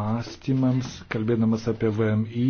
mąstymams, kalbėdamas apie VMI